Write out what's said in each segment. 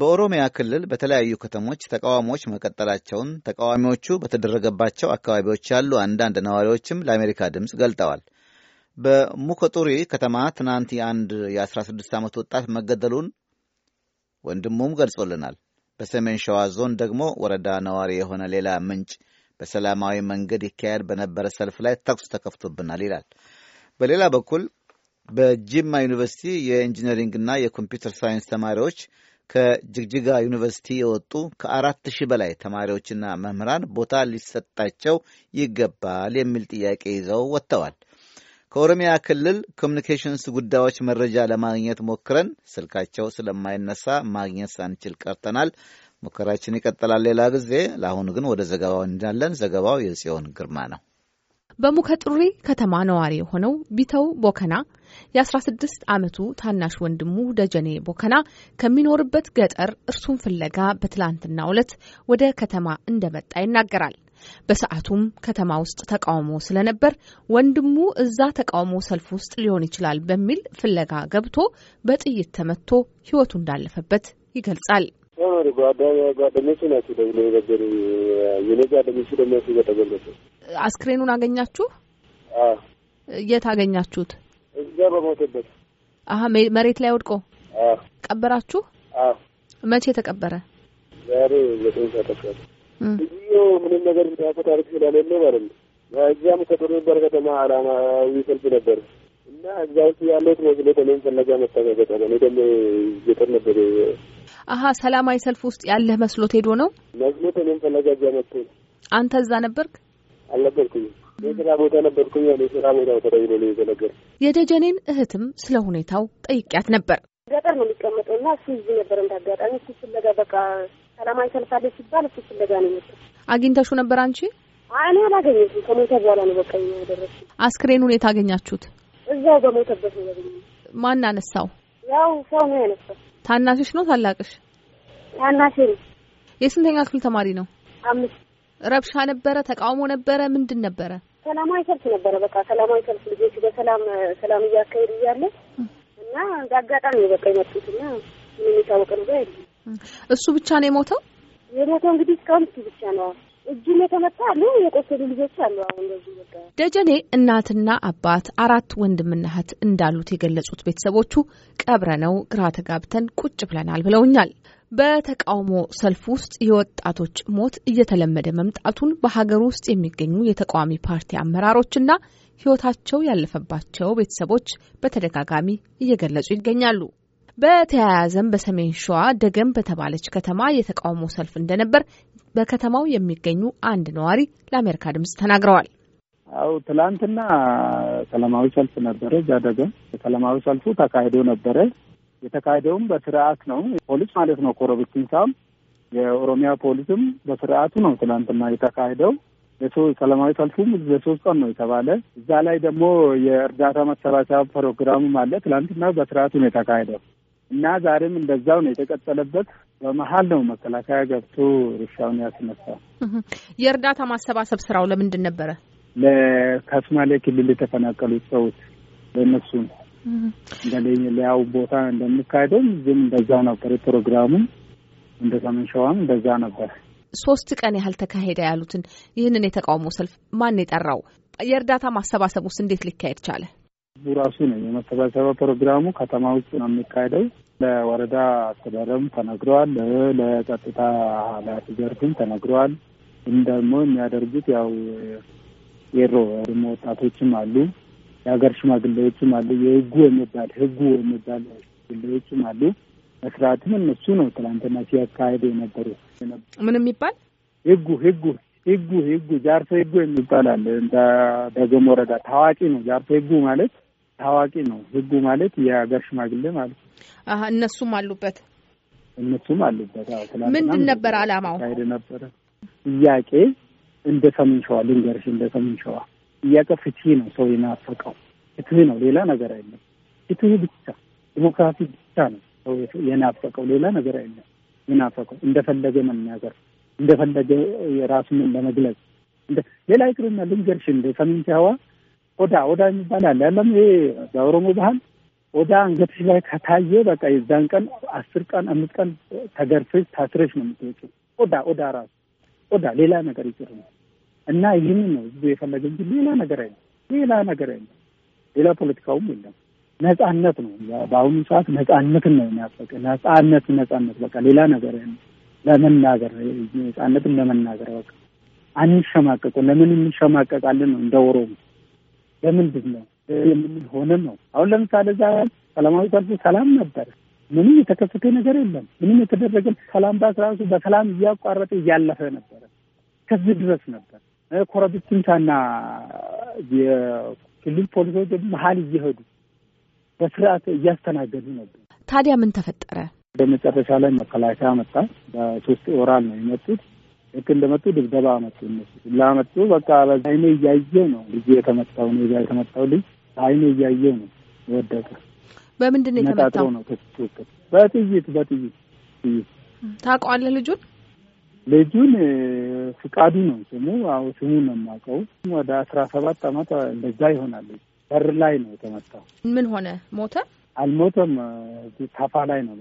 በኦሮሚያ ክልል በተለያዩ ከተሞች ተቃዋሚዎች መቀጠላቸውን ተቃዋሚዎቹ በተደረገባቸው አካባቢዎች ያሉ አንዳንድ ነዋሪዎችም ለአሜሪካ ድምፅ ገልጠዋል። በሙከጡሪ ከተማ ትናንት የአንድ የ16 ዓመት ወጣት መገደሉን ወንድሙም ገልጾልናል። በሰሜን ሸዋ ዞን ደግሞ ወረዳ ነዋሪ የሆነ ሌላ ምንጭ በሰላማዊ መንገድ ይካሄድ በነበረ ሰልፍ ላይ ተኩስ ተከፍቶብናል ይላል። በሌላ በኩል በጂማ ዩኒቨርሲቲ የኢንጂነሪንግና የኮምፒውተር ሳይንስ ተማሪዎች ከጅግጅጋ ዩኒቨርሲቲ የወጡ ከአራት ሺህ በላይ ተማሪዎችና መምህራን ቦታ ሊሰጣቸው ይገባል የሚል ጥያቄ ይዘው ወጥተዋል። ከኦሮሚያ ክልል ኮሚኒኬሽንስ ጉዳዮች መረጃ ለማግኘት ሞክረን ስልካቸው ስለማይነሳ ማግኘት ሳንችል ቀርተናል። ሙከራችን ይቀጥላል ሌላ ጊዜ። ለአሁኑ ግን ወደ ዘገባው እንዳለን። ዘገባው የጽዮን ግርማ ነው። በሙከጥሪ ከተማ ነዋሪ የሆነው ቢተው ቦከና የ16 ዓመቱ ታናሽ ወንድሙ ደጀኔ ቦከና ከሚኖርበት ገጠር እርሱን ፍለጋ በትላንትናው ዕለት ወደ ከተማ እንደመጣ ይናገራል። በሰዓቱም ከተማ ውስጥ ተቃውሞ ስለነበር ወንድሙ እዛ ተቃውሞ ሰልፍ ውስጥ ሊሆን ይችላል በሚል ፍለጋ ገብቶ በጥይት ተመትቶ ሕይወቱ እንዳለፈበት ይገልጻል። ጓደኞቹ ናቸው ደግሞ የኔ ጓደኞቹ ደግሞ አስክሬኑን አገኛችሁ? የት አገኛችሁት? እዚያ በሞተበት አሀ መሬት ላይ ወድቆ ቀበራችሁ? መቼ ተቀበረ? ዛሬ ዘጠኝ ሰዓት አካባቢ እዚሁ ምንም ነገር የሚያውቁት አርግ ስለሌለ ማለት ነው። እዚያም ከጥሩ ነበር ከተማ አላማዊ ሰልፍ ነበር እና እዛ ውስጥ ያለት መስሎ ተለኝ ፈለጋ መታገጠ ነው። እኔ ደግሞ ገጠር ነበር። አሀ ሰላማዊ ሰልፍ ውስጥ ያለህ መስሎት ሄዶ ነው መስሎት እኔም ፈለጋ እዚያ መጥቶ አንተ እዛ ነበርክ? አልነበርኩኝም የስራ ቦታ ነበርኩኝ። የስራ ቦታ ተደውሎ ነው የተነገረው። የደጀኔን እህትም ስለ ሁኔታው ጠይቂያት ነበር። ገጠር ነው የሚቀመጠው እና እሱ እዚህ ነበር። እንዳጋጣሚ እሱ ፍለጋ በቃ ሰላማዊ ሰልፍ አለ ሲባል እሱ ፍለጋ ነው የመጣ። አግኝተሹ ነበር አንቺ? እኔ አላገኘሁትም። ከሞተ በኋላ ነው በቃ ያደረሱ። አስክሬኑን የት አገኛችሁት? እዛው በሞተበት ነው ያገኘ። ማን አነሳው? ያው ሰው ነው ያነሳው። ታናሽሽ ነው ታላቅሽ? ታናሽ ነው። የስንተኛ ክፍል ተማሪ ነው? አምስት ረብሻ ነበረ? ተቃውሞ ነበረ? ምንድን ነበረ? ሰላማዊ ሰልፍ ነበረ። በቃ ሰላማዊ ሰልፍ ልጆች በሰላም ሰላም እያካሄዱ እያለ እና እንደ አጋጣሚ በቃ የመጡት እና ምን የታወቀ ነገር የለም። እሱ ብቻ ነው የሞተው። የሞተው እንግዲህ እስካሁን እሱ ብቻ ነው። እጅም የተመታ አሉ፣ የቆሰሉ ልጆች አሉ። አሁን ደጀኔ እናትና አባት አራት ወንድምና እህት እንዳሉት የገለጹት ቤተሰቦቹ ቀብረ ነው ግራ ተጋብተን ቁጭ ብለናል ብለውኛል። በተቃውሞ ሰልፍ ውስጥ የወጣቶች ሞት እየተለመደ መምጣቱን በሀገር ውስጥ የሚገኙ የተቃዋሚ ፓርቲ አመራሮችና ሕይወታቸው ያለፈባቸው ቤተሰቦች በተደጋጋሚ እየገለጹ ይገኛሉ። በተያያዘም በሰሜን ሸዋ ደገም በተባለች ከተማ የተቃውሞ ሰልፍ እንደነበር በከተማው የሚገኙ አንድ ነዋሪ ለአሜሪካ ድምጽ ተናግረዋል። አው ትላንትና ሰላማዊ ሰልፍ ነበረ። እዛ ደገም ሰላማዊ ሰልፉ ተካሂዶ ነበረ። የተካሄደውም በስርዓት ነው። ፖሊስ ማለት ነው ኮረብችን ሳም የኦሮሚያ ፖሊስም በስርዓቱ ነው ትላንትና የተካሄደው። ሰላማዊ ሰልፉም ለሶስት ቀን ነው የተባለ። እዛ ላይ ደግሞ የእርዳታ መሰባሰብ ፕሮግራሙም አለ። ትላንትና በስርዓቱ ነው የተካሄደው። እና ዛሬም እንደዛው ነው የተቀጠለበት። በመሀል ነው መከላከያ ገብቶ ርሻውን ያስነሳ የእርዳታ ማሰባሰብ ስራው ለምንድን ነበረ? ከሶማሌ ክልል የተፈናቀሉት ሰዎች ለእነሱ ሊያው ቦታ እንደሚካሄደው ዝም እንደዛ ነበር ፕሮግራሙ። እንደ ሰሜን ሸዋም እንደዛ ነበር። ሶስት ቀን ያህል ተካሄደ ያሉትን ይህንን የተቃውሞ ሰልፍ ማን የጠራው? የእርዳታ ማሰባሰብ ውስጥ እንዴት ሊካሄድ ቻለ? ህዝቡ ራሱ ነው። የመሰባሰቢያ ፕሮግራሙ ከተማ ውስጥ ነው የሚካሄደው። ለወረዳ አስተዳደርም ተነግረዋል። ለጸጥታ ኃላፊ ዘርፍም ተነግረዋል። ይህም ደግሞ የሚያደርጉት ያው ሄሮ ደግሞ ወጣቶችም አሉ፣ የሀገር ሽማግሌዎችም አሉ፣ የህጉ የሚባል ህጉ የሚባል ሽማግሌዎችም አሉ። መስራትም እነሱ ነው። ትላንትና ሲያካሄዱ የነበሩ ምን የሚባል ህጉ ህጉ ህጉ ህጉ ጃርሶ ህጉ የሚባል አለ። እንደ ደገም ወረዳ ታዋቂ ነው ጃርሶ ህጉ ማለት ታዋቂ ነው ህጉ ማለት የሀገር ሽማግሌ ማለት ነው። እነሱም አሉበት እነሱም አሉበት። ምንድን ነበር አላማው? ሄደ ነበረ ጥያቄ እንደ ሰሜን ሸዋ ልንገርሽ፣ እንደ ሰሜን ሸዋ ጥያቄ ፍትህ ነው። ሰው የናፈቀው ፍትህ ነው፣ ሌላ ነገር አይለም። ፍትህ ብቻ ዲሞክራሲ ብቻ ነው ሰው የናፈቀው፣ ሌላ ነገር አይለም። የናፈቀው እንደፈለገ መናገር፣ እንደፈለገ የራሱን ለመግለጽ ሌላ ይቅርና ልንገርሽ እንደ ሰሜን ሸዋ ኦዳ ኦዳ የሚባል አለ ያለም ይሄ በኦሮሞ ባህል ኦዳ አንገትሽ ላይ ከታየ በቃ የዛን ቀን አስር ቀን አምስት ቀን ተገርፈሽ ታስረሽ ነው የምትወጪው። ኦዳ ኦዳ ራሱ ኦዳ ሌላ ነገር ይቅር ነው እና ይህንን ነው ህዝቡ የፈለገ እንጂ ሌላ ነገር አይደለም። ሌላ ነገር አይደለም። ሌላ ፖለቲካውም የለም። ነጻነት ነው። በአሁኑ ሰዓት ነጻነትን ነው የሚያፈቅ ነጻነት ነጻነት በቃ ሌላ ነገር ለመናገር ነጻነትን ለመናገር በቃ አንሸማቀቁ። ለምን እንሸማቀቃለን ነው እንደ ኦሮሞ ለምንድን ነው የምንል ሆነ ነው። አሁን ለምሳሌ እዛ ሰላማዊ ሰልፉ ሰላም ነበር። ምንም የተከሰተ ነገር የለም። ምንም የተደረገ ሰላም ባስ በሰላም እያቋረጠ እያለፈ ነበረ። ከዚህ ድረስ ነበር ኮረብት የክልል ፖሊሶች መሀል እየሄዱ በስርዓት እያስተናገዱ ነበር። ታዲያ ምን ተፈጠረ? በመጨረሻ ላይ መከላከያ መጣ። በሶስት ኦራል ነው የመጡት ልክ እንደመጡ ድብደባ አመጡ። እነሱ ላመጡ በቃ አይኔ እያየ ነው ልጅ የተመጣው ነው ዛ የተመጣው ልጅ አይኔ እያየ ነው ወደቀ። በምንድን ነው የተመታው? ነው በጥይት በጥይት ጥይት። ታውቀዋለህ ልጁን? ልጁን ፍቃዱ ነው ስሙ። አዎ ስሙን ነው የማውቀው። ወደ አስራ ሰባት አመት እንደዛ ይሆናል። በር ላይ ነው የተመጣው። ምን ሆነ? ሞተ? አልሞተም። ታፋ ላይ ነው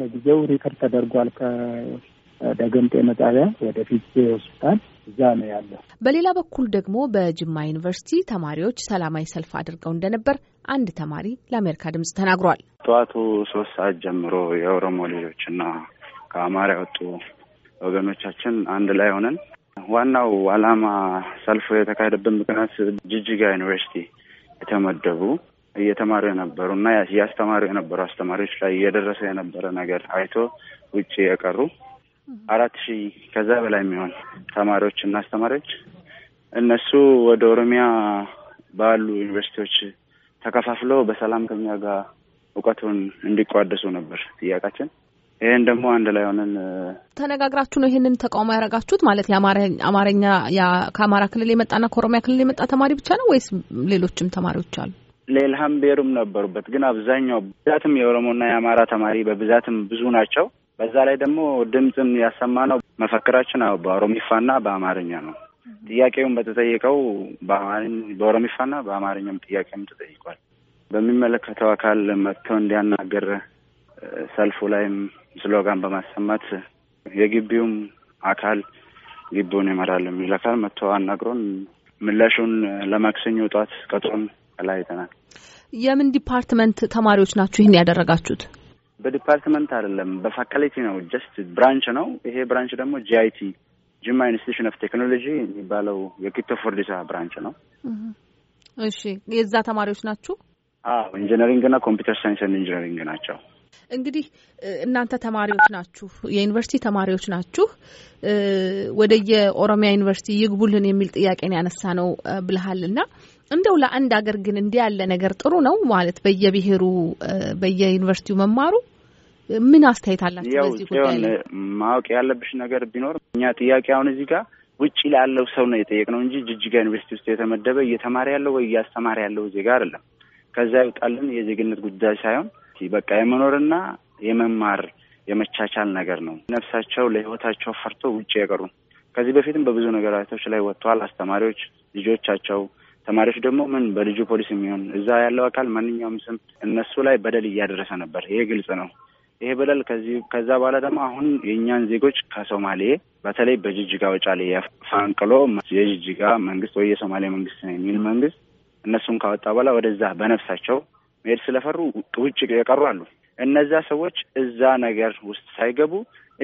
ለጊዜው ሪከርድ ተደርጓል። ደገምጤ መጣቢያ ወደፊት ሆስፒታል እዛ ነው ያለው። በሌላ በኩል ደግሞ በጅማ ዩኒቨርሲቲ ተማሪዎች ሰላማዊ ሰልፍ አድርገው እንደነበር አንድ ተማሪ ለአሜሪካ ድምጽ ተናግሯል። ጠዋቱ ሶስት ሰዓት ጀምሮ የኦሮሞ ልጆችና ከአማራ ወጡ ወገኖቻችን አንድ ላይ ሆነን ዋናው ዓላማ ሰልፍ የተካሄደበት ምክንያት ጅጅጋ ዩኒቨርሲቲ የተመደቡ እየተማሩ የነበሩ እና ያስተማሩ የነበሩ አስተማሪዎች ላይ እየደረሰ የነበረ ነገር አይቶ ውጭ የቀሩ አራት ሺህ ከዛ በላይ የሚሆን ተማሪዎች እና አስተማሪዎች እነሱ ወደ ኦሮሚያ ባሉ ዩኒቨርሲቲዎች ተከፋፍለው በሰላም ከኛ ጋር እውቀቱን እንዲቋደሱ ነበር ጥያቄያችን። ይህን ደግሞ አንድ ላይ ሆነን ተነጋግራችሁ ነው ይህንን ተቃውሞ ያደረጋችሁት? ማለት የአማርኛ ከአማራ ክልል የመጣና ከኦሮሚያ ክልል የመጣ ተማሪ ብቻ ነው ወይስ ሌሎችም ተማሪዎች አሉ? ሌልሀም ብሔሩም ነበሩበት፣ ግን አብዛኛው ብዛትም የኦሮሞና የአማራ ተማሪ በብዛትም ብዙ ናቸው። በዛ ላይ ደግሞ ድምፅም ነው መፈክራችን ው በኦሮሚፋ ና በአማርኛ ነው። ጥያቄውን በተጠየቀው በኦሮሚፋ ና በአማርኛም ጥያቄም ተጠይቋል። በሚመለከተው አካል መጥተው እንዲያናገር ሰልፉ ላይም ስሎጋን በማሰማት የግቢውም አካል ግቢውን ይመራል የሚል አካል መጥቶ አናግሮን ምላሹን ለማክሰኞ ጠዋት ቀጥሮን ላይ አይተናል። የምን ዲፓርትመንት ተማሪዎች ናችሁ ይህን ያደረጋችሁት? በዲፓርትመንት አይደለም፣ በፋካልቲ ነው። ጀስት ብራንች ነው። ይሄ ብራንች ደግሞ ጂአይቲ ጅማ ኢንስቲቱሽን ኦፍ ቴክኖሎጂ የሚባለው የኪቶ ፎርዲሳ ብራንች ነው። እሺ፣ የዛ ተማሪዎች ናችሁ? አዎ፣ ኢንጂነሪንግና ኮምፒውተር ሳይንስ ኢንጂነሪንግ ናቸው። እንግዲህ እናንተ ተማሪዎች ናችሁ፣ የዩኒቨርሲቲ ተማሪዎች ናችሁ። ወደ የኦሮሚያ ዩኒቨርሲቲ ይግቡልን የሚል ጥያቄን ያነሳ ነው ብልሃል ና እንደው ለአንድ ሀገር ግን እንዲህ ያለ ነገር ጥሩ ነው ማለት በየብሔሩ በየዩኒቨርሲቲው መማሩ ምን አስተያየት አላቸው በዚህ ጉዳይ ማወቅ ያለብሽ ነገር ቢኖር እኛ ጥያቄ አሁን እዚህ ጋር ውጭ ላለው ሰው ነው የጠየቅነው እንጂ ጅጅጋ ዩኒቨርሲቲ ውስጥ የተመደበ እየተማረ ያለው ወይ እያስተማረ ያለው ዜጋ አይደለም። ከዛ ይውጣልን የዜግነት ጉዳይ ሳይሆን በቃ የመኖርና የመማር የመቻቻል ነገር ነው። ነፍሳቸው ለህይወታቸው ፈርቶ ውጭ የቀሩ ከዚህ በፊትም በብዙ ነገራቶች ላይ ወጥተዋል። አስተማሪዎች ልጆቻቸው፣ ተማሪዎች ደግሞ ምን በልጁ ፖሊስ የሚሆን እዛ ያለው አካል ማንኛውም ስም እነሱ ላይ በደል እያደረሰ ነበር። ይሄ ግልጽ ነው። ይሄ በደል ከዛ በኋላ ደግሞ አሁን የእኛን ዜጎች ከሶማሌ በተለይ በጅጅጋ ወጫሌ ፈንቅሎ የጅጅጋ መንግስት ወይ የሶማሌ መንግስት ነው የሚል መንግስት እነሱን ካወጣ በኋላ ወደዛ በነፍሳቸው መሄድ ስለፈሩ ውጭ የቀሩ አሉ። እነዛ ሰዎች እዛ ነገር ውስጥ ሳይገቡ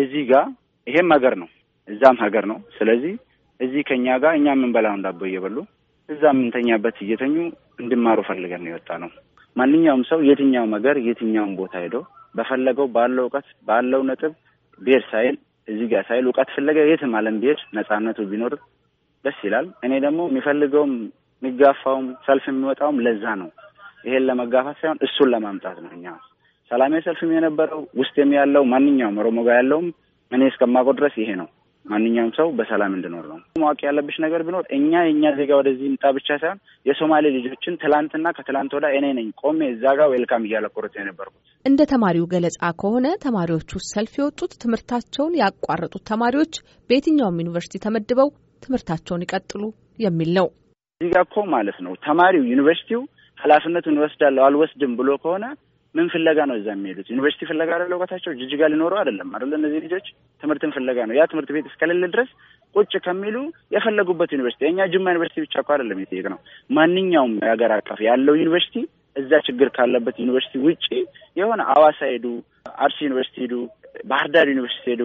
እዚህ ጋር ይሄም ሀገር ነው፣ እዛም ሀገር ነው። ስለዚህ እዚህ ከኛ ጋር እኛ የምንበላውን ዳቦ እየበሉ እዛ የምንተኛበት እየተኙ እንድማሩ ፈልገን ነው የወጣ ነው። ማንኛውም ሰው የትኛውም ሀገር የትኛውም ቦታ ሄዶ በፈለገው ባለው እውቀት ባለው ነጥብ ብሄር ሳይል እዚህ ጋር ሳይል እውቀት ፍለገ የትም ዓለም ብሄድ ነጻነቱ ቢኖር ደስ ይላል። እኔ ደግሞ የሚፈልገውም የሚጋፋውም ሰልፍ የሚወጣውም ለዛ ነው። ይሄን ለመጋፋት ሳይሆን እሱን ለማምጣት ነው። እኛ ሰላማዊ ሰልፍም የነበረው ውስጥ የሚያለው ማንኛውም ኦሮሞ ጋር ያለውም እኔ እስከማውቀው ድረስ ይሄ ነው። ማንኛውም ሰው በሰላም እንድኖር ነው። ማወቅ ያለብሽ ነገር ቢኖር እኛ የእኛ ዜጋ ወደዚህ ምጣ ብቻ ሳይሆን የሶማሌ ልጆችን ትላንትና ከትላንት ወዳ እኔ ነኝ ቆሜ እዛ ጋር ዌልካም እያለኮሩት የነበርኩት። እንደ ተማሪው ገለጻ ከሆነ ተማሪዎቹ ሰልፍ የወጡት ትምህርታቸውን ያቋረጡት ተማሪዎች በየትኛውም ዩኒቨርሲቲ ተመድበው ትምህርታቸውን ይቀጥሉ የሚል ነው። እዚህ ጋ እኮ ማለት ነው ተማሪው ዩኒቨርሲቲው ኃላፊነቱን ይወስዳለሁ አልወስድም ብሎ ከሆነ ምን ፍለጋ ነው እዛ የሚሄዱት? ዩኒቨርሲቲ ፍለጋ አደለ? እውቀታቸው ጅጅጋ ሊኖረው አይደለም አደለ? እነዚህ ልጆች ትምህርትን ፍለጋ ነው። ያ ትምህርት ቤት እስከሌለ ድረስ ቁጭ ከሚሉ የፈለጉበት ዩኒቨርሲቲ የእኛ ጅማ ዩኒቨርሲቲ ብቻ እኮ አደለም የጠየቅ ነው። ማንኛውም የሀገር አቀፍ ያለው ዩኒቨርሲቲ እዛ ችግር ካለበት ዩኒቨርሲቲ ውጭ የሆነ አዋሳ ሄዱ፣ አርሲ ዩኒቨርሲቲ ሄዱ፣ ባህር ዳር ዩኒቨርሲቲ ሄዱ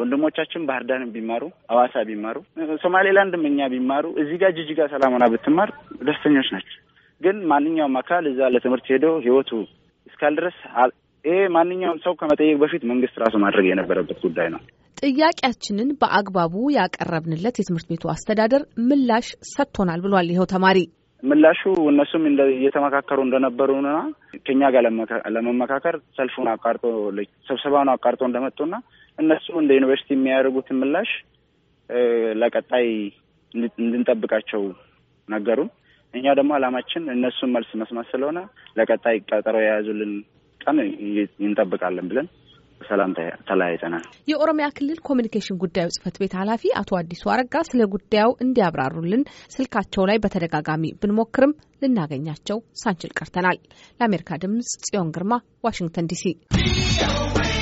ወንድሞቻችን ባህር ዳርን ቢማሩ አዋሳ ቢማሩ ሶማሌላንድም እኛ ቢማሩ እዚህ ጋር ጅጅጋ ሰላም ብትማር ደስተኞች ናቸው። ግን ማንኛውም አካል እዛ ለትምህርት ሄዶ ህይወቱ እስካል ድረስ ይሄ ማንኛውም ሰው ከመጠየቅ በፊት መንግስት ራሱ ማድረግ የነበረበት ጉዳይ ነው። ጥያቄያችንን በአግባቡ ያቀረብንለት የትምህርት ቤቱ አስተዳደር ምላሽ ሰጥቶናል ብሏል ይኸው ተማሪ። ምላሹ እነሱም እየተመካከሩ እንደነበሩና ከኛ ጋር ለመመካከር ሰልፉን አቃርጦ ስብሰባውን አቃርጦ እንደመጡና እነሱ እንደ ዩኒቨርሲቲ የሚያደርጉትን ምላሽ ለቀጣይ እንድንጠብቃቸው ነገሩን። እኛ ደግሞ አላማችን እነሱን መልስ መስማት ስለሆነ ለቀጣይ ቀጠሮ የያዙልን ቀን እንጠብቃለን ብለን ሰላም ተለያይተናል። የኦሮሚያ ክልል ኮሚኒኬሽን ጉዳዩ ጽህፈት ቤት ኃላፊ አቶ አዲሱ አረጋ ስለ ጉዳዩ እንዲያብራሩልን ስልካቸው ላይ በተደጋጋሚ ብንሞክርም ልናገኛቸው ሳንችል ቀርተናል። ለአሜሪካ ድምጽ ጽዮን ግርማ ዋሽንግተን ዲሲ